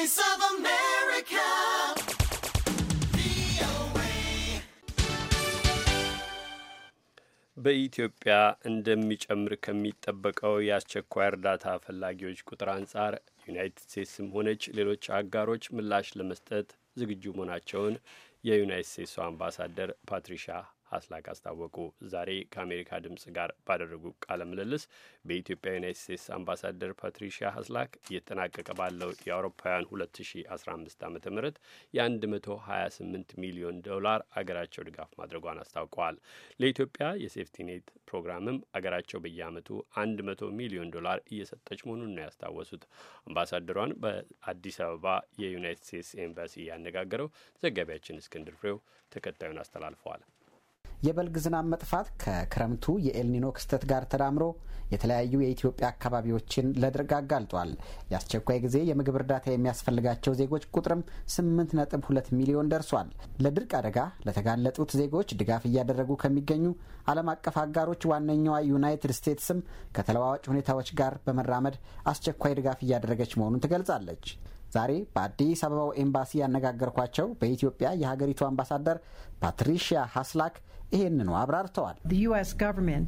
Voice of America. በኢትዮጵያ እንደሚጨምር ከሚጠበቀው የአስቸኳይ እርዳታ ፈላጊዎች ቁጥር አንጻር ዩናይትድ ስቴትስም ሆነች ሌሎች አጋሮች ምላሽ ለመስጠት ዝግጁ መሆናቸውን የዩናይትድ ስቴትሱ አምባሳደር ፓትሪሻ ሀስላክ አስታወቁ። ዛሬ ከአሜሪካ ድምጽ ጋር ባደረጉ ቃለ ምልልስ በኢትዮጵያ ዩናይት ስቴትስ አምባሳደር ፓትሪሺያ ሀስላክ እየተጠናቀቀ ባለው የአውሮፓውያን 2015 ዓ ም የ128 ሚሊዮን ዶላር አገራቸው ድጋፍ ማድረጓን አስታውቀዋል። ለኢትዮጵያ የሴፍቲኔት ፕሮግራምም አገራቸው በየአመቱ 100 ሚሊዮን ዶላር እየሰጠች መሆኑን ነው ያስታወሱት። አምባሳደሯን በአዲስ አበባ የዩናይት ስቴትስ ኤምባሲ ያነጋገረው ዘጋቢያችን እስክንድር ፍሬው ተከታዩን አስተላልፈዋል። የበልግ ዝናብ መጥፋት ከክረምቱ የኤልኒኖ ክስተት ጋር ተዳምሮ የተለያዩ የኢትዮጵያ አካባቢዎችን ለድርቅ አጋልጧል። የአስቸኳይ ጊዜ የምግብ እርዳታ የሚያስፈልጋቸው ዜጎች ቁጥርም 8.2 ሚሊዮን ደርሷል። ለድርቅ አደጋ ለተጋለጡት ዜጎች ድጋፍ እያደረጉ ከሚገኙ ዓለም አቀፍ አጋሮች ዋነኛዋ ዩናይትድ ስቴትስም ከተለዋዋጭ ሁኔታዎች ጋር በመራመድ አስቸኳይ ድጋፍ እያደረገች መሆኑን ትገልጻለች። ዛሬ በአዲስ አበባው ኤምባሲ ያነጋገርኳቸው በኢትዮጵያ የሀገሪቱ አምባሳደር ፓትሪሺያ ሀስላክ ይህንኑ አብራርተዋል። uh,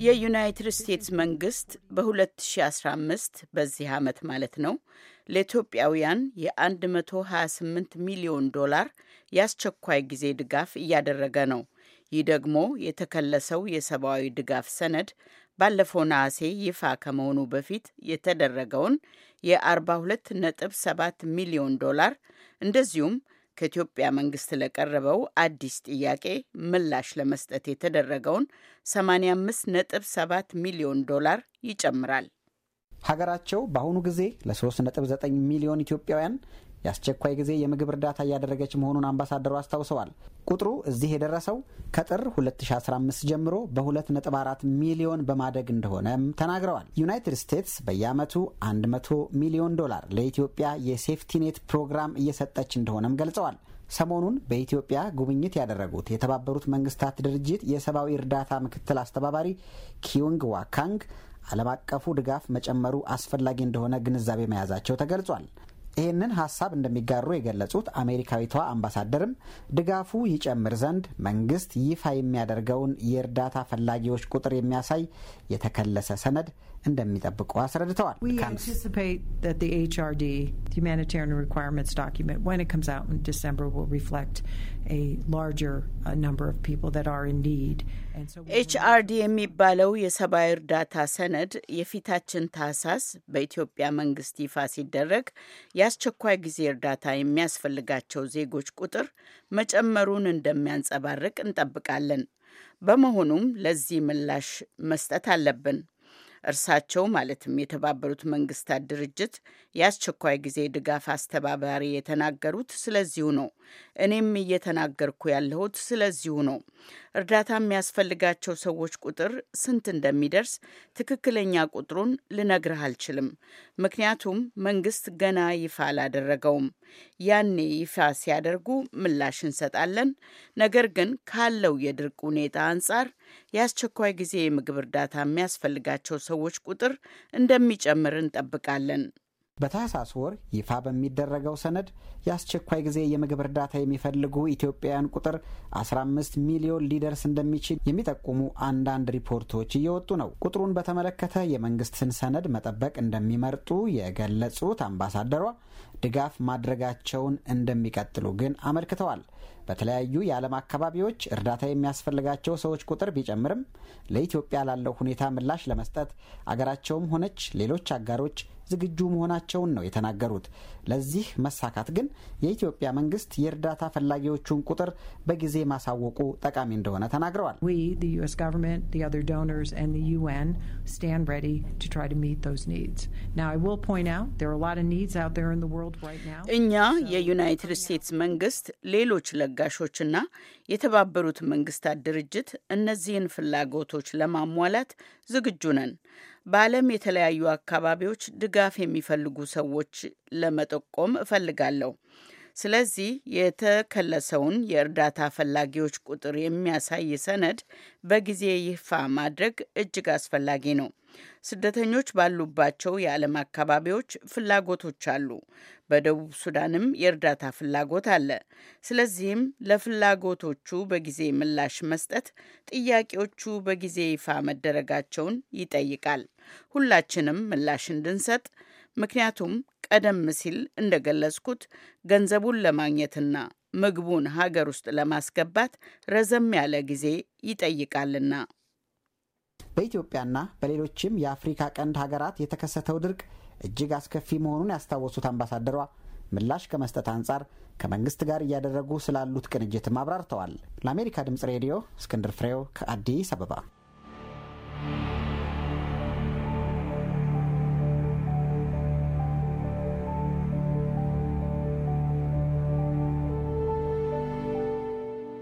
uh, የዩናይትድ ስቴትስ መንግስት በ2015 በዚህ ዓመት ማለት ነው ለኢትዮጵያውያን የ128 ሚሊዮን ዶላር የአስቸኳይ ጊዜ ድጋፍ እያደረገ ነው። ይህ ደግሞ የተከለሰው የሰብአዊ ድጋፍ ሰነድ ባለፈው ነሐሴ ይፋ ከመሆኑ በፊት የተደረገውን የ42.7 ሚሊዮን ዶላር እንደዚሁም ከኢትዮጵያ መንግስት ለቀረበው አዲስ ጥያቄ ምላሽ ለመስጠት የተደረገውን 85.7 ሚሊዮን ዶላር ይጨምራል። ሀገራቸው በአሁኑ ጊዜ ለ3.9 ሚሊዮን ኢትዮጵያውያን የአስቸኳይ ጊዜ የምግብ እርዳታ እያደረገች መሆኑን አምባሳደሩ አስታውሰዋል። ቁጥሩ እዚህ የደረሰው ከጥር 2015 ጀምሮ በ2.4 ሚሊዮን በማደግ እንደሆነም ተናግረዋል። ዩናይትድ ስቴትስ በየዓመቱ 100 ሚሊዮን ዶላር ለኢትዮጵያ የሴፍቲኔት ፕሮግራም እየሰጠች እንደሆነም ገልጸዋል። ሰሞኑን በኢትዮጵያ ጉብኝት ያደረጉት የተባበሩት መንግስታት ድርጅት የሰብአዊ እርዳታ ምክትል አስተባባሪ ኪዩንግ ዋካንግ ዓለም አቀፉ ድጋፍ መጨመሩ አስፈላጊ እንደሆነ ግንዛቤ መያዛቸው ተገልጿል። ይህንን ሀሳብ እንደሚጋሩ የገለጹት አሜሪካዊቷ አምባሳደርም ድጋፉ ይጨምር ዘንድ መንግስት ይፋ የሚያደርገውን የእርዳታ ፈላጊዎች ቁጥር የሚያሳይ የተከለሰ ሰነድ እንደሚጠብቁ አስረድተዋል። ኤችአርዲ uh, የሚባለው የሰብአዊ እርዳታ ሰነድ የፊታችን ታህሳስ በኢትዮጵያ መንግስት ይፋ ሲደረግ የአስቸኳይ ጊዜ እርዳታ የሚያስፈልጋቸው ዜጎች ቁጥር መጨመሩን እንደሚያንጸባርቅ እንጠብቃለን። በመሆኑም ለዚህ ምላሽ መስጠት አለብን። እርሳቸው ማለትም የተባበሩት መንግስታት ድርጅት የአስቸኳይ ጊዜ ድጋፍ አስተባባሪ የተናገሩት ስለዚሁ ነው። እኔም እየተናገርኩ ያለሁት ስለዚሁ ነው። እርዳታ የሚያስፈልጋቸው ሰዎች ቁጥር ስንት እንደሚደርስ ትክክለኛ ቁጥሩን ልነግርህ አልችልም። ምክንያቱም መንግስት ገና ይፋ አላደረገውም። ያኔ ይፋ ሲያደርጉ ምላሽ እንሰጣለን። ነገር ግን ካለው የድርቅ ሁኔታ አንጻር የአስቸኳይ ጊዜ የምግብ እርዳታ የሚያስፈልጋቸው ሰዎች ቁጥር እንደሚጨምር እንጠብቃለን። በታህሳስ ወር ይፋ በሚደረገው ሰነድ የአስቸኳይ ጊዜ የምግብ እርዳታ የሚፈልጉ ኢትዮጵያውያን ቁጥር 15 ሚሊዮን ሊደርስ እንደሚችል የሚጠቁሙ አንዳንድ ሪፖርቶች እየወጡ ነው። ቁጥሩን በተመለከተ የመንግስትን ሰነድ መጠበቅ እንደሚመርጡ የገለጹት አምባሳደሯ ድጋፍ ማድረጋቸውን እንደሚቀጥሉ ግን አመልክተዋል። በተለያዩ የዓለም አካባቢዎች እርዳታ የሚያስፈልጋቸው ሰዎች ቁጥር ቢጨምርም ለኢትዮጵያ ላለው ሁኔታ ምላሽ ለመስጠት አገራቸውም ሆነች ሌሎች አጋሮች ዝግጁ መሆናቸውን ነው የተናገሩት። ለዚህ መሳካት ግን የኢትዮጵያ መንግስት የእርዳታ ፈላጊዎቹን ቁጥር በጊዜ ማሳወቁ ጠቃሚ እንደሆነ ተናግረዋል። እኛ የዩናይትድ ስቴትስ መንግስት፣ ሌሎች ለጋሾችና የተባበሩት መንግስታት ድርጅት እነዚህን ፍላጎቶች ለማሟላት ዝግጁ ነን። በዓለም የተለያዩ አካባቢዎች ድጋፍ የሚፈልጉ ሰዎች ለመጠቆም እፈልጋለሁ። ስለዚህ የተከለሰውን የእርዳታ ፈላጊዎች ቁጥር የሚያሳይ ሰነድ በጊዜ ይፋ ማድረግ እጅግ አስፈላጊ ነው። ስደተኞች ባሉባቸው የዓለም አካባቢዎች ፍላጎቶች አሉ። በደቡብ ሱዳንም የእርዳታ ፍላጎት አለ። ስለዚህም ለፍላጎቶቹ በጊዜ ምላሽ መስጠት፣ ጥያቄዎቹ በጊዜ ይፋ መደረጋቸውን ይጠይቃል። ሁላችንም ምላሽ እንድንሰጥ ምክንያቱም ቀደም ሲል እንደገለጽኩት ገንዘቡን ለማግኘትና ምግቡን ሀገር ውስጥ ለማስገባት ረዘም ያለ ጊዜ ይጠይቃልና። በኢትዮጵያና በሌሎችም የአፍሪካ ቀንድ ሀገራት የተከሰተው ድርቅ እጅግ አስከፊ መሆኑን ያስታወሱት አምባሳደሯ ምላሽ ከመስጠት አንጻር ከመንግስት ጋር እያደረጉ ስላሉት ቅንጅትም አብራርተዋል። ለአሜሪካ ድምጽ ሬዲዮ እስክንድር ፍሬው ከአዲስ አበባ